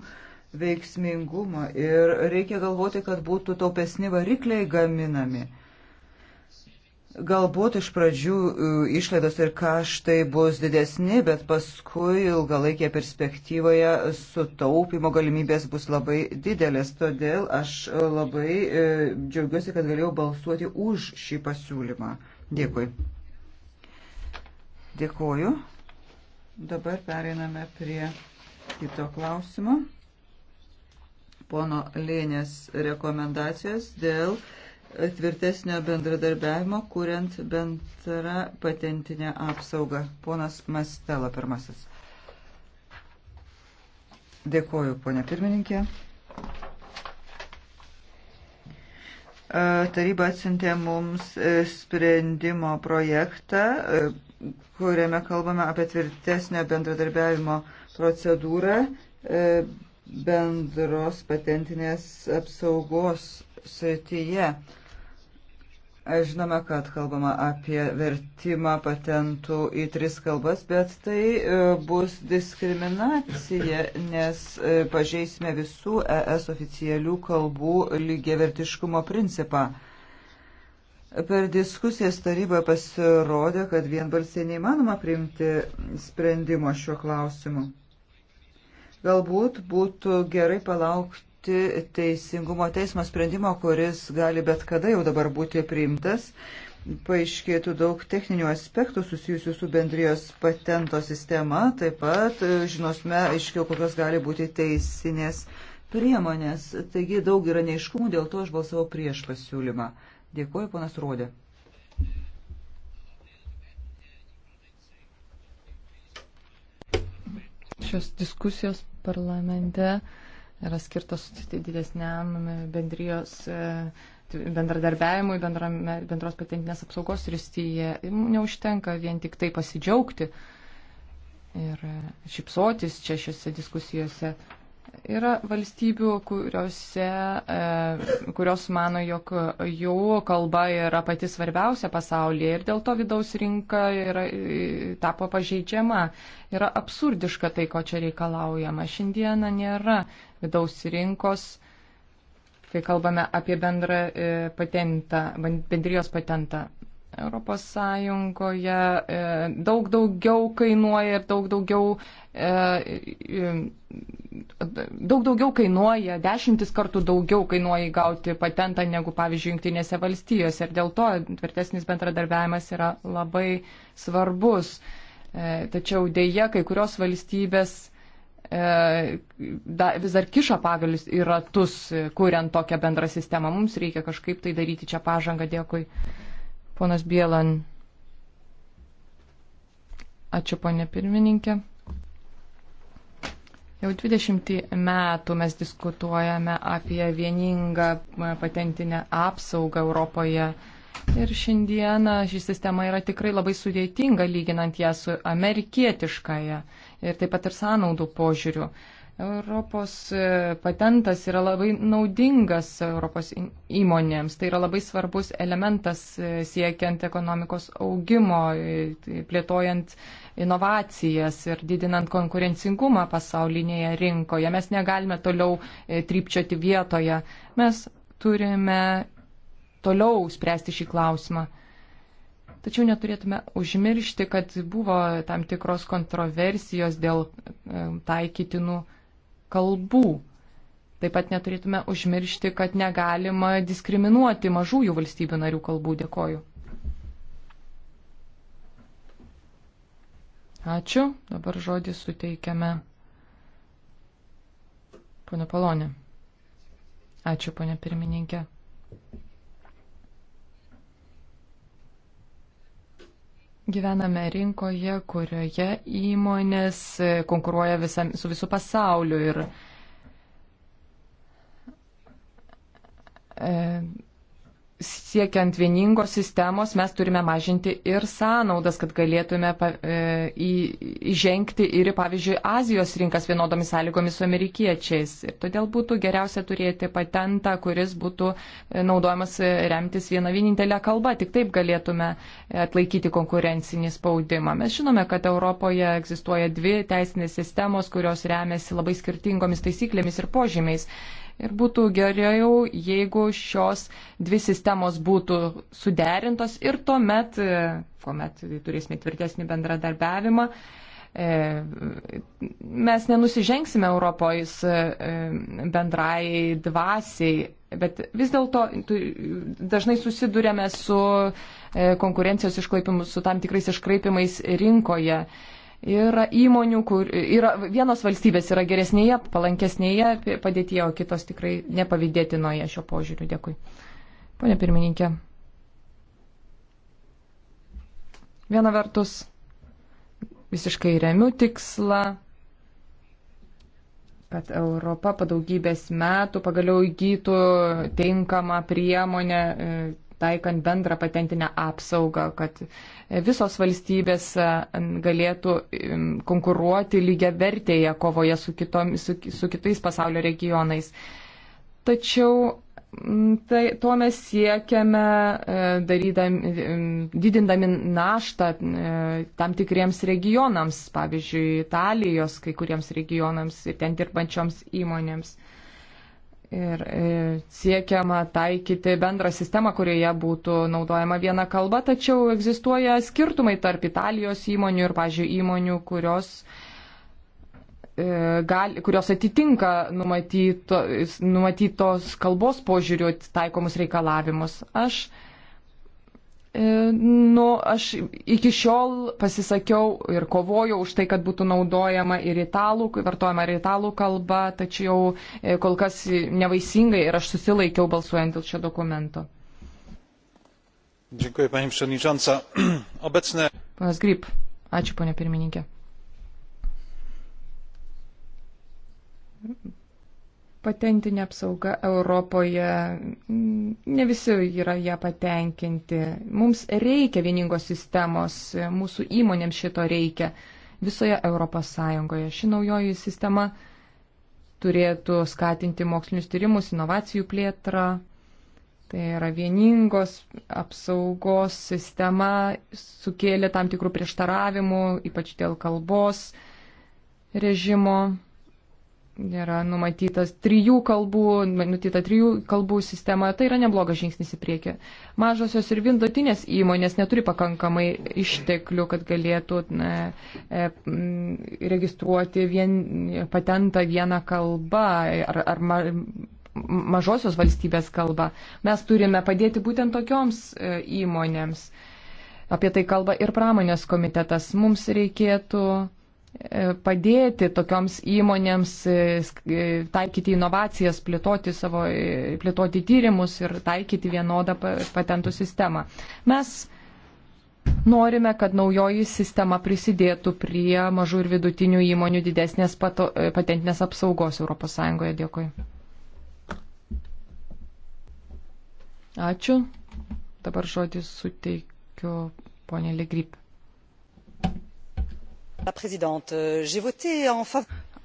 veiksmingumą ir reikia galvoti, kad būtų taupesni varikliai gaminami. Galbūt iš pradžių e, išlaidos ir kaštai bus didesni, bet paskui ilgalaikėje perspektyvoje sutaupimo galimybės bus labai didelės. Todėl aš labai e, džiaugiuosi, kad galėjau balsuoti už šį pasiūlymą. Dėkui. Dėkuoju. Dabar pereiname prie kito klausimo. Pono Lėnės rekomendacijos dėl tvirtesnio bendradarbiavimo, kuriant bendrą patentinę apsaugą. Ponas Mastela pirmasis. Dėkoju, ponė pirmininkė. Taryba atsintė mums e, sprendimo projektą, e, kuriame kalbame apie tvirtesnę bendradarbiavimo procedūrą e, bendros patentinės apsaugos srityje. Žinome, kad kalbama apie vertimą patentų į tris kalbas, bet tai e, bus diskriminacija, nes e, pažeisime visų ES oficialių kalbų lygiavertiškumo principą. Per diskusijas taryboje pasirodė, kad vienbalsiai neįmanoma priimti sprendimo šiuo klausimu. Galbūt būtų gerai palaukti laukti teisingumo teismo sprendimo, kuris gali bet kada jau dabar būti priimtas. Paaiškėtų daug techninių aspektų susijusių su bendrijos patento sistema, taip pat e, žinosime aiškiau, kokios gali būti teisinės priemonės. Taigi daug yra neiškumų, dėl to aš balsavau prieš pasiūlymą. Dėkuoju, ponas Rodė. Šios diskusijos parlamente yra skirtas didesniam bendrijos e, bendradarbiavimui, bendrame, bendros patentinės apsaugos rystyje. Neužtenka vien tik tai pasidžiaugti ir e, šipsotis čia šiuose diskusijose. Yra valstybių, kuriuose, e, kurios mano, jog jų kalba yra pati svarbiausia pasaulyje ir dėl to vidaus rinka yra, e, tapo pažeidžiama. Yra absurdiška tai, ko čia reikalaujama. Šiandieną nėra vidaus rinkos, kai kalbame apie bendrą e, patentą, bendrijos patentą. Europos Sąjungoje e, daug daugiau kainuoja ir daug daugiau, e, daug daugiau kainuoja, dešimtis kartų daugiau kainuoja įgauti patentą negu, pavyzdžiui, Junktinėse valstijose. Ir dėl to tvirtesnis bendradarbiavimas yra labai svarbus. E, tačiau dėja, kai kurios valstybės da, vis dar kiša pagalius į ratus, kuriant tokią bendrą sistemą. Mums reikia kažkaip tai daryti čia pažangą. Dėkui. Ponas Bielan. Ačiū, ponė pirmininkė. Jau 20 metų mes diskutuojame apie vieningą patentinę apsaugą Europoje. Ir šiandieną ši sistema yra tikrai labai sudėtinga lyginant ją su amerikietiškąją ir taip pat ir sąnaudų požiūriu. Europos e, patentas yra labai naudingas Europos įmonėms. Tai yra labai svarbus elementas e, siekiant ekonomikos augimo, e, plėtojant inovacijas ir didinant konkurencingumą pasaulinėje rinkoje. Mes negalime toliau trypčioti vietoje. Mes turime toliau spręsti šį klausimą. Tačiau neturėtume užmiršti, kad buvo tam tikros kontroversijos dėl taikytinų nu, kalbų. Taip pat neturėtume užmiršti, kad negalima diskriminuoti mažųjų valstybių narių kalbų. Dėkoju. Ačiū. Dabar žodį suteikiame. Pone Palonė. Ačiū, ponė pirmininkė. Gyvename rinkoje, kurioje įmonės konkuruoja visa, su visų pasauliu ir e, siekiant vieningos sistemos mes turime mažinti ir sąnaudas, kad galėtume e, įžengti ir, pavyzdžiui, Azijos rinkas vienodomis sąlygomis su amerikiečiais. Ir todėl būtų geriausia turėti patentą, kuris būtų e, naudojamas e, remtis vieną vienintelę kalbą. Tik taip galėtume atlaikyti konkurencinį spaudimą. Mes žinome, kad Europoje egzistuoja dvi teisinės sistemos, kurios remiasi labai skirtingomis taisyklėmis ir požymiais ir būtų geriau, jeigu šios dvi sistemos būtų suderintos ir tuomet, e, kuomet turėsime tvirtesnį bendradarbiavimą, e, mes nenusižengsime Europos e, bendrai dvasiai, bet vis dėlto dažnai susidurėme su konkurencijos iškraipimus, su tam tikrais iškraipimais rinkoje. Yra įmonių, kur yra, vienos valstybės yra geresnėje, palankesnėje padėtyje, o kitos tikrai nepavydėtinoje šio požiūriu. Dėkui. Pone pirmininkė. Viena vertus, visiškai remiu tikslą kad Europa padaugybės metų pagaliau įgytų tinkamą priemonę e, taikant bendrą patentinę apsaugą, kad visos valstybės e, galėtų konkuruoti lygia vertėje kovoje su, kitom, su, su kitais pasaulio regionais. Tačiau tai, to mes siekiame, e, darydami, didindami naštą e, tam tikriems regionams, pavyzdžiui, Italijos kai kuriems regionams ir ten dirbančioms įmonėms ir e, siekiama taikyti bendrą sistemą, kurioje būtų naudojama viena kalba, tačiau egzistuoja skirtumai tarp Italijos įmonių ir, pažiūrėjau, įmonių, kurios, e, gal, kurios atitinka numatyto, numatytos kalbos požiūrių taikomus reikalavimus. Aš E, nu, aš iki šiol pasisakiau ir kovojau už tai, kad būtų naudojama ir italų, vartojama ir italų kalba, tačiau e, kol kas nevaisingai ir aš susilaikiau balsuojant dėl šio dokumento. Dziękuję, pani przewodnicząca. Obecne. Ponas Grip, ačiū, ponia pirmininkė. patentinė apsauga Europoje, ne visi yra ją patenkinti. Mums reikia vieningos sistemos, mūsų įmonėms šito reikia visoje Europos Sąjungoje. Ši naujoji sistema turėtų skatinti mokslinius tyrimus, inovacijų plėtrą. Tai yra vieningos apsaugos sistema, sukėlė tam tikrų prieštaravimų, ypač dėl kalbos režimo yra numatytas trijų kalbų, numatyta trijų kalbų sistema, tai yra neblogas žingsnis į priekį. Mažosios ir vindotinės įmonės neturi pakankamai išteklių, kad galėtų na, e, registruoti vien, patentą vieną kalbą ar, ar ma, mažosios valstybės kalbą. Mes turime padėti būtent tokioms e, įmonėms. Apie tai kalba ir pramonės komitetas. Mums reikėtų E, padėti tokioms įmonėms e, e, taikyti inovacijas, plėtoti, savo, plėtoti tyrimus ir taikyti vienodą patentų sistemą. Mes norime, kad naujoji sistema prisidėtų prie mažų ir vidutinių įmonių didesnės pato, patentinės apsaugos ES. Dėkui. Ačiū. Dabar žodį suteikiu ponė Ligrip. Euh,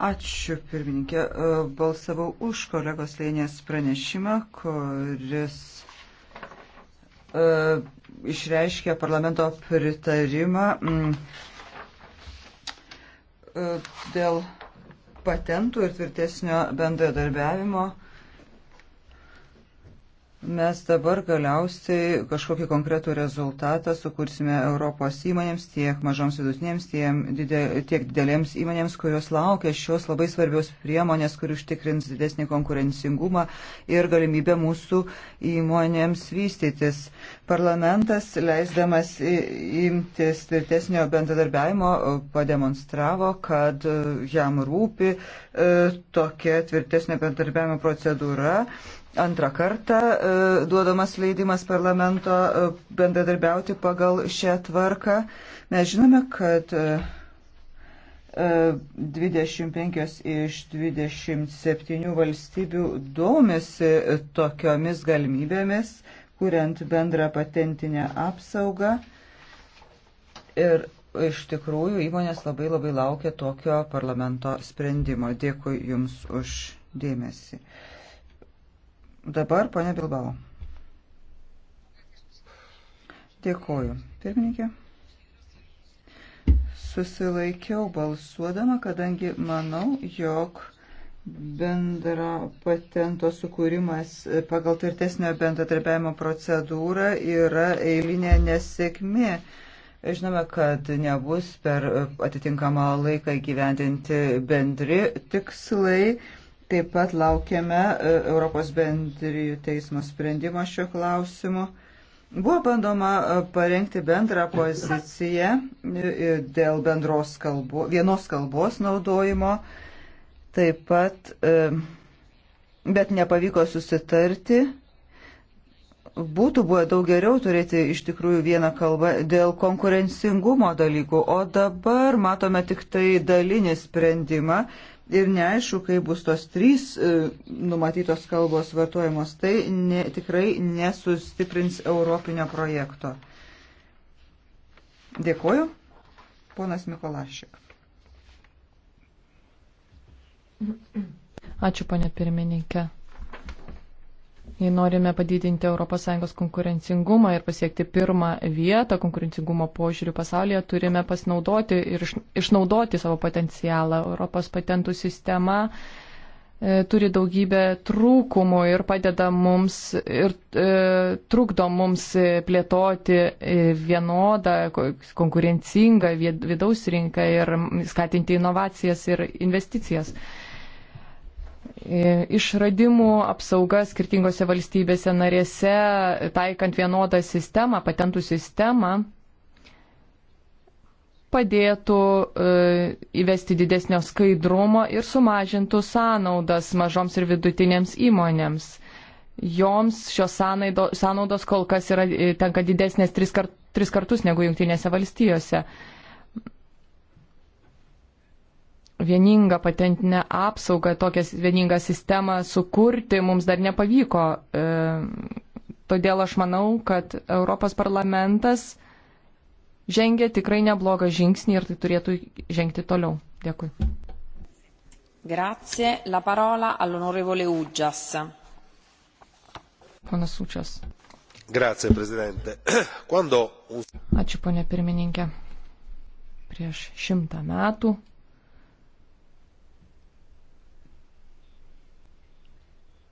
Ačiū pirmininkė. E, balsavau už kolegos Lėnės pranešimą, kuris uh, išreiškė parlamento pritarimą mm, e, dėl patentų ir tvirtesnio bendradarbiavimo mes dabar galiausiai kažkokį konkretų rezultatą sukursime Europos įmonėms, tiek mažoms vidutinėms, tiek didelėms įmonėms, kurios laukia šios labai svarbios priemonės, kuri užtikrins didesnį konkurencingumą ir galimybę mūsų įmonėms vystytis. Parlamentas, leisdamas imtis tvirtesnio bendradarbiavimo, pademonstravo, kad jam rūpi e, tokia tvirtesnio bendradarbiavimo procedūra antrą kartą e, duodamas leidimas parlamento e, bendradarbiauti pagal šią tvarką. Mes žinome, kad 25 e, iš 27 valstybių domisi tokiomis galimybėmis, kuriant bendrą patentinę apsaugą. Ir iš tikrųjų įmonės labai labai laukia tokio parlamento sprendimo. Dėkui Jums už dėmesį. Dabar ponia Bilbao. Dėkoju. Pirmininkė. Susilaikiau balsuodama, kadangi manau, jog bendra patento sukūrimas pagal tvirtesnio bendradarbiavimo procedūrą yra eilinė nesėkmė. Žinome, kad nebus per atitinkamą laiką gyvendinti bendri tikslai Taip pat laukiame e, Europos bendrijų teismo sprendimo šiuo klausimu. Buvo bandoma e, parengti bendrą poziciją e, dėl bendros kalbos, vienos kalbos naudojimo. Taip pat, bet nepavyko susitarti būtų buvę daug geriau turėti iš tikrųjų vieną kalbą dėl konkurencingumo dalykų, o dabar matome tik tai dalinį sprendimą ir neaišku, kai bus tos trys e, numatytos kalbos vartojamos, tai ne, tikrai nesustiprins Europinio projekto. Dėkoju, ponas Mikolašik. Ačiū, ponė pirmininkė. Jei norime padidinti ES konkurencingumą ir pasiekti pirmą vietą konkurencingumo požiūrių pasaulyje, turime pasinaudoti ir išnaudoti savo potencialą. Europos patentų sistema e, turi daugybę trūkumų ir padeda mums ir e, trukdo mums plėtoti e, vienodą, konkurencingą vidaus rinką ir skatinti inovacijas ir investicijas. E, išradimų apsauga skirtingose valstybėse narėse, taikant vienodą sistemą, patentų sistemą, padėtų e, įvesti didesnio skaidrumo ir sumažintų sąnaudas mažoms ir vidutinėms įmonėms. Joms šios sąnaudos kol kas yra, e, tenka didesnės tris, kart, tris kartus negu jungtinėse valstijose. vieningą patentinę apsaugą, tokią vieningą sistemą sukurti mums dar nepavyko. E, todėl aš manau, kad Europos parlamentas žengia tikrai neblogą žingsnį ir tai turėtų žengti toliau. Dėkui. Grazie. La parola all'onorevole Uggias. Ponas Uggias. Grazie, prezidente. Quando... Ačiū, ponė pirmininkė. Prieš šimtą metų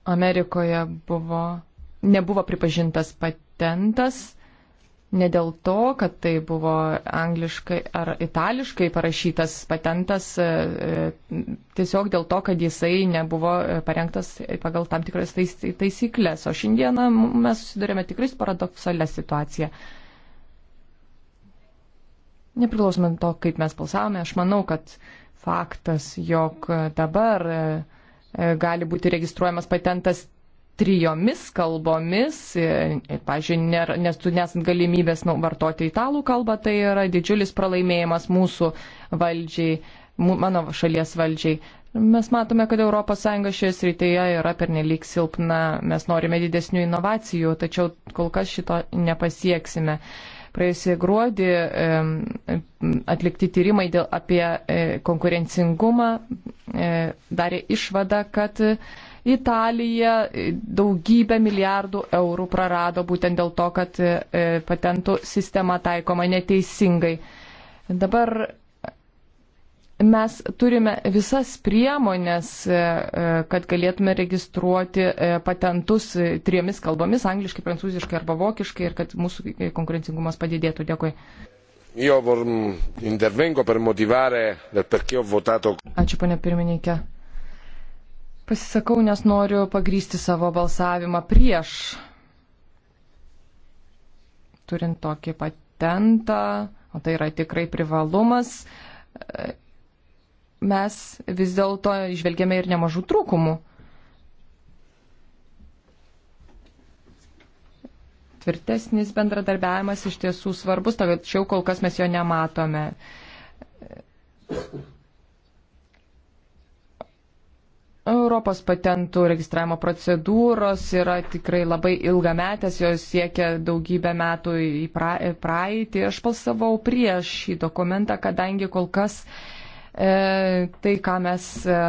Amerikoje buvo, nebuvo pripažintas patentas, ne dėl to, kad tai buvo angliškai ar itališkai parašytas patentas, e, tiesiog dėl to, kad jisai nebuvo e, parengtas pagal tam tikras tais, taisyklės. O šiandieną mes susidurėme tikrai paradoksalią situaciją. Nepriklausomant to, kaip mes balsavome, aš manau, kad faktas, jog dabar e, E, gali būti registruojamas patentas trijomis kalbomis, e, e, pažiūrėjau, nes tu nesant galimybės nu, vartoti italų kalbą, tai yra didžiulis pralaimėjimas mūsų valdžiai, mano šalies valdžiai. Mes matome, kad ES šioje srityje yra pernelyg silpna, mes norime didesnių inovacijų, tačiau kol kas šito nepasieksime. Praėjusį gruodį atlikti tyrimai dėl, apie e, konkurencingumą e, darė išvadą, kad Italija daugybę milijardų eurų prarado būtent dėl to, kad e, patentų sistema taikoma neteisingai. Dabar mes turime visas priemonės, e, e, kad galėtume registruoti e, patentus trijomis kalbomis - angliškai, prancūziškai arba vokiškai ir kad mūsų konkurencingumas padidėtų. Dėkui. Mm, Ačiū, ponė pirmininkė. Pasisakau, nes noriu pagrysti savo balsavimą prieš. Turint tokį patentą, o tai yra tikrai privalumas, mes vis dėlto išvelgėme ir nemažų trūkumų. Tvirtesnis bendradarbiavimas iš tiesų svarbus, tačiau kol kas mes jo nematome. Europos patentų registravimo procedūros yra tikrai labai ilgametės, jos siekia daugybę metų į praeitį. Aš balsavau prieš šį dokumentą, kadangi kol kas uh, E, tai, ką mes e,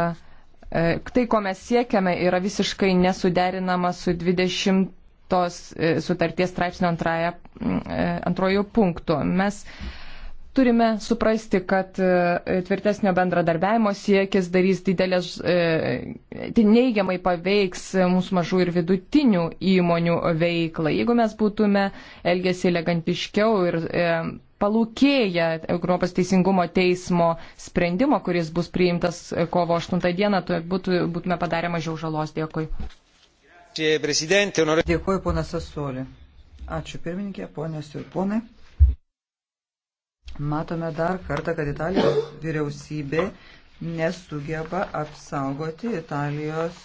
e, tai, ko mes siekiame, yra visiškai nesuderinama su 20 sutarties straipsnio antraja, antrojų punktų. Mes turime suprasti, kad tvirtesnio bendradarbiavimo siekis darys didelės, tai neigiamai paveiks mūsų mažų ir vidutinių įmonių veiklą. Jeigu mes būtume elgesi elegantiškiau ir palūkėję Europos teisingumo teismo sprendimo, kuris bus priimtas e, kovo 8 dieną, būtų, būtume padarę mažiau žalos. Dėkui. Dėkuoju, ponas Sasuoli. Ačiū pirmininkė, ponios ir ponai. Matome dar kartą, kad Italijos vyriausybė nesugeba apsaugoti Italijos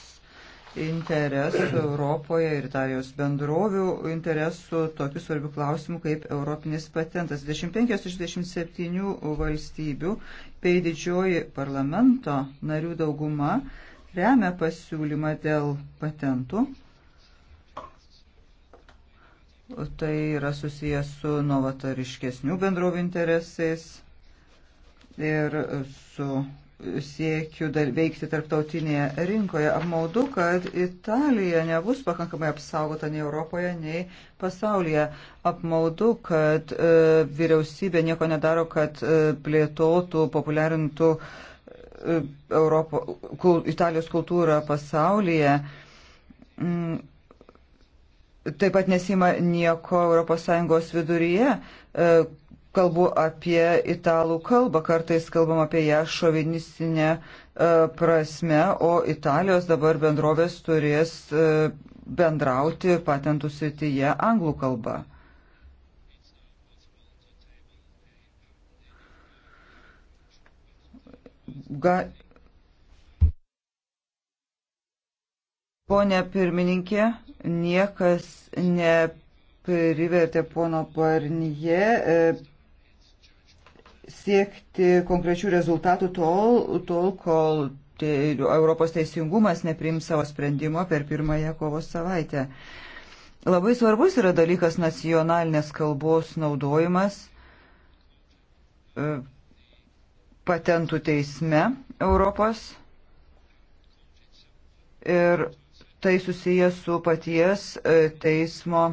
interesų Europoje ir Italijos bendrovių interesų tokių svarbių klausimų kaip Europinis patentas. 25 iš 27 valstybių bei didžioji parlamento narių dauguma remia pasiūlymą dėl patentų. Tai yra susijęs su novatariškesnių bendrovų interesais ir su siekių dar veikti tarptautinėje rinkoje. Apmaudu, kad Italija nebus pakankamai apsaugota nei Europoje, nei pasaulyje. Apmaudu, kad e, vyriausybė nieko nedaro, kad e, plėtotų, populiarintų e, Europo, kul, Italijos kultūrą pasaulyje. Mm, taip pat nesima nieko ES viduryje. E, kalbu apie italų kalbą, kartais kalbam apie ją šovinistinę e, prasme, o Italijos dabar bendrovės turės e, bendrauti patentų srityje anglų kalba. Ga... Pone pirmininkė, niekas neprivertė pono Parnyje e, siekti konkrečių rezultatų tol, tol kol te, Europos teisingumas neprims savo sprendimo per pirmąją kovos savaitę. Labai svarbus yra dalykas nacionalinės kalbos naudojimas e, patentų teisme Europos ir tai susijęs su paties e, teismo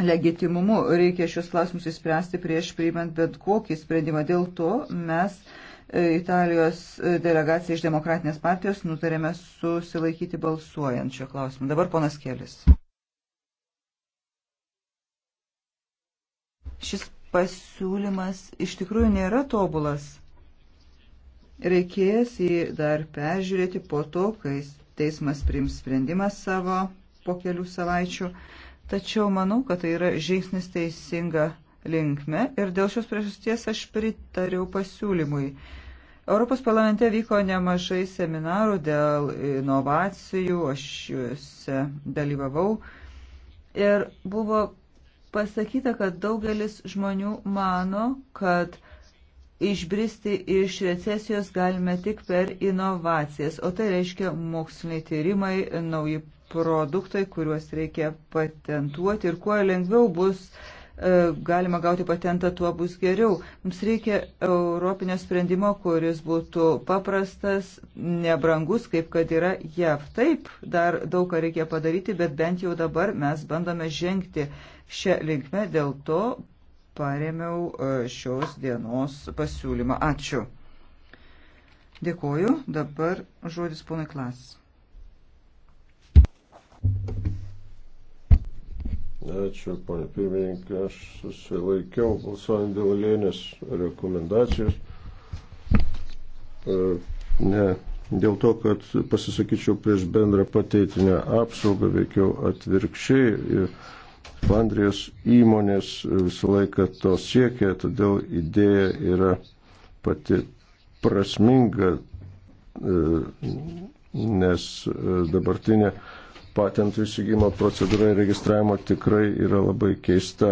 legitimumu. Reikia šios klausimus įspręsti prieš priimant bet kokį sprendimą. Dėl to mes e, Italijos e, delegacija iš Demokratinės partijos nutarėme susilaikyti balsuojant šio klausimu. Dabar ponas Kelis. Šis pasiūlymas iš tikrųjų nėra tobulas. Reikės jį dar peržiūrėti po to, kai teismas priims sprendimą savo po kelių savaičių. Tačiau manau, kad tai yra žingsnis teisinga linkme ir dėl šios priežasties aš pritariau pasiūlymui. Europos parlamente vyko nemažai seminarų dėl inovacijų, aš juose dalyvavau ir buvo pasakyta, kad daugelis žmonių mano, kad išbristi iš recesijos galime tik per inovacijas, o tai reiškia moksliniai tyrimai, nauji produktai, kuriuos reikia patentuoti ir kuo lengviau bus e, galima gauti patentą, tuo bus geriau. Mums reikia europinio sprendimo, kuris būtų paprastas, nebrangus, kaip kad yra JAV. Taip, dar daug ką reikia padaryti, bet bent jau dabar mes bandome žengti šią linkmę, dėl to paremiau e, šios dienos pasiūlymą. Ačiū. Dėkoju. Dabar žodis ponai Klas. Ačiū, ponė pirmininkė, aš susilaikiau balsuojant dėl lėnės rekomendacijos. E, ne, dėl to, kad pasisakyčiau prieš bendrą pateitinę apsaugą, veikiau atvirkščiai. Flandrijos įmonės visą laiką to siekia, todėl idėja yra pati prasminga, e, nes e, dabartinė patentų įsigymo procedūra ir registravimo tikrai yra labai keista.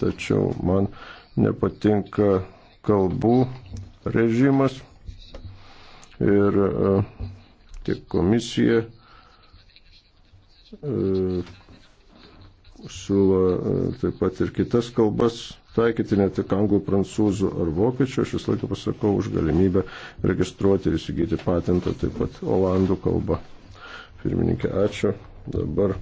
Tačiau man nepatinka kalbų režimas ir e, tiek komisija e, siūlo e, taip pat ir kitas kalbas taikyti, ne tik anglų, prancūzų ar vokiečių. Aš visą laiką pasakau už galimybę registruoti ir įsigyti patentą taip pat olandų kalbą. Pirmininkė, ačiū. Dabar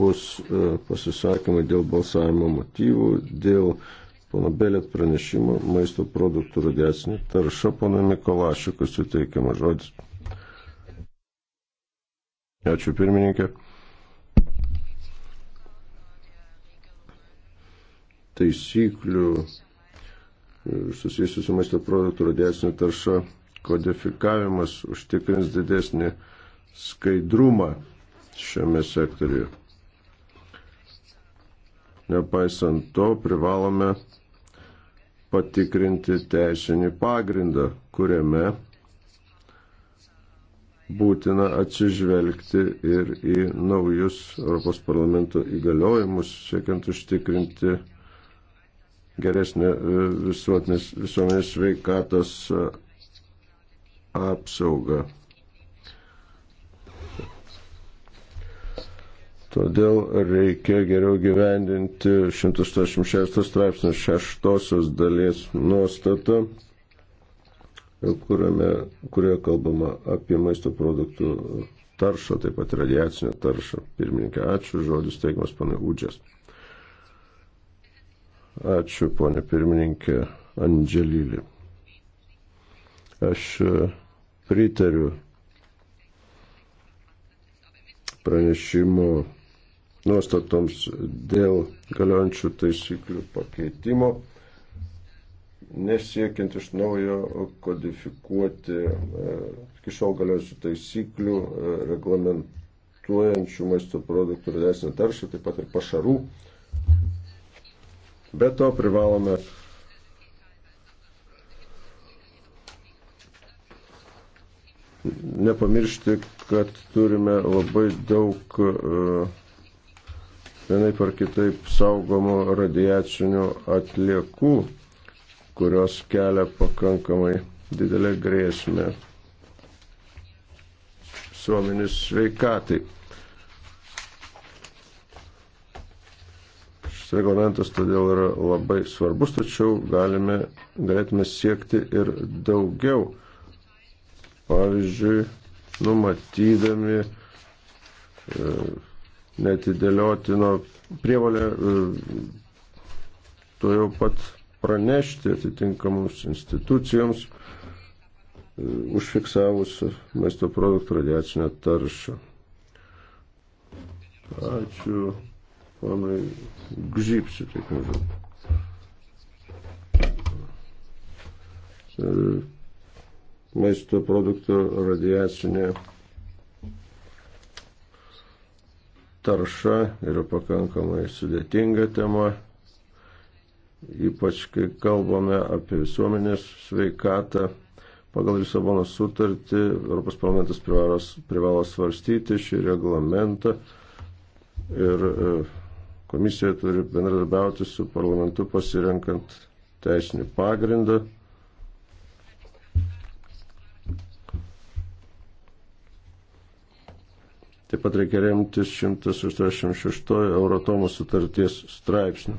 bus e, pasisakymai dėl balsavimo motyvų, dėl pono Belėt pranešimo maisto produktų radiacinį taršą, pono Mikolašiukas suteikiama žodis. Ačiū pirmininkė. Taisyklių susijusių su maisto produktų radiacinė tarša kodifikavimas užtikrins didesnį skaidrumą šiame sektoriuje. Nepaisant to, privalome patikrinti teisinį pagrindą, kuriame būtina atsižvelgti ir į naujus Europos parlamento įgaliojimus, siekiant užtikrinti geresnę e, visuotinės visuomenės sveikatos e, apsaugą. Todėl reikia geriau gyvendinti 186 straipsnio šeštosios dalies nuostatą, kuriame, kurioje kalbama apie maisto produktų taršą, taip pat radiacinę taršą. Pirmininkė, ačiū, žodis teikiamas pana Udžias. Ačiū, ponė pirmininkė Andželylį. Aš e, pritariu pranešimo nuostatoms dėl galiojančių taisyklių pakeitimo, nesiekiant iš naujo kodifikuoti e, iki šiol galiojančių taisyklių e, reglamentuojančių maisto produktų didesnį taršą, taip pat ir pašarų Be to privalome nepamiršti, kad turime labai daug e, vienaip ar kitaip saugomų radiacinių atliekų, kurios kelia pakankamai didelę grėsmę suomenis sveikatai. Šis reglamentas todėl yra labai svarbus, tačiau galime, galėtume siekti ir daugiau. Pavyzdžiui, numatydami e, netidėliotino prievalę e, to jau pat pranešti atitinkamus institucijoms e, užfiksavus maisto produktų radiacinę taršą. Ačiū ponui Gžypsiu, taip maždaug. Maisto produktų radiacinė tarša yra pakankamai sudėtinga tema, ypač kai kalbame apie visuomenės sveikatą. Pagal Lisabonos sutartį Europos parlamentas privalo svarstyti šį reglamentą ir e, Komisija turi bendradarbiauti su parlamentu pasirenkant teisinį pagrindą. Taip pat reikia remtis 186 Eurotomo sutarties straipsnių.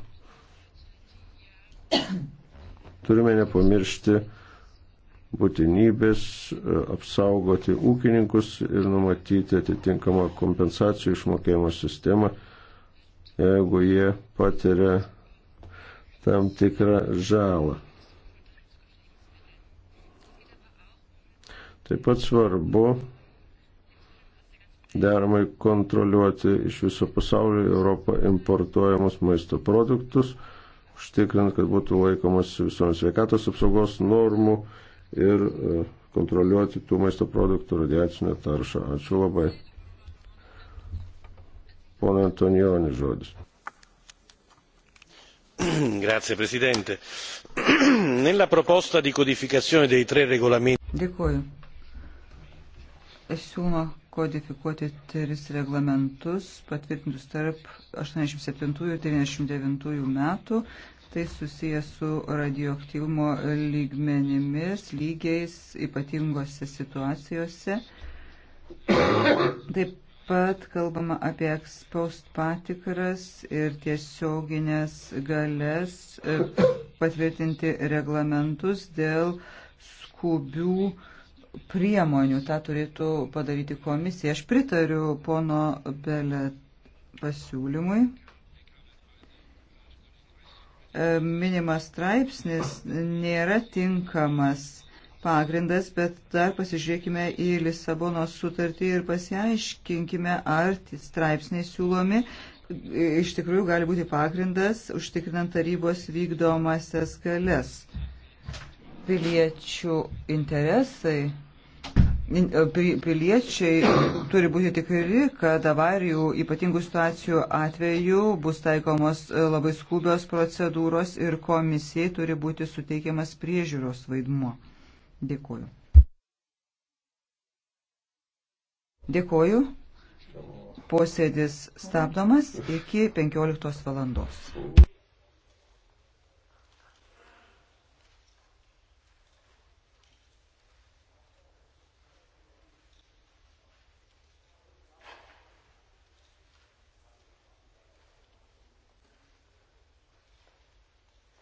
Turime nepamiršti būtinybės e, apsaugoti ūkininkus ir numatyti atitinkamą kompensacijų išmokėjimo sistemą jeigu jie patiria tam tikrą žalą. Taip pat svarbu deramai kontroliuoti iš viso pasaulio į Europą importuojamus maisto produktus, užtikrint, kad būtų laikomas visomis sveikatos apsaugos normų ir e, kontroliuoti tų maisto produktų radiacinę taršą. Ačiū labai. Pone Antonijoni žodis. Grazie Presidente. Nella proposta di codificazione dei tre regolamenti. Dėkuoju. Siūlo kodifikuoti tris reglamentus patvirtintus tarp 87 ir 99 metų. Tai susijęs su radioaktyvumo lygmenimis, lygiais, ypatingose situacijose. Taip pat kalbama apie ekspost patikras ir tiesioginės galės e, patvirtinti reglamentus dėl skubių priemonių. Ta turėtų padaryti komisija. Aš pritariu pono Belė pasiūlymui. E, minimas straipsnis nėra tinkamas pagrindas, bet dar pasižiūrėkime į Lisabonos sutartį ir pasiaiškinkime, ar straipsniai siūlomi iš tikrųjų gali būti pagrindas užtikrinant tarybos vykdomasias galės. Piliečių interesai, piliečiai turi būti tikri, kad avarijų ypatingų situacijų atveju bus taikomos e, labai skubios procedūros ir komisijai turi būti suteikiamas priežiūros vaidmuo. Dėkuoju. Dėkuoju. Posėdis stabdomas iki 15 valandos.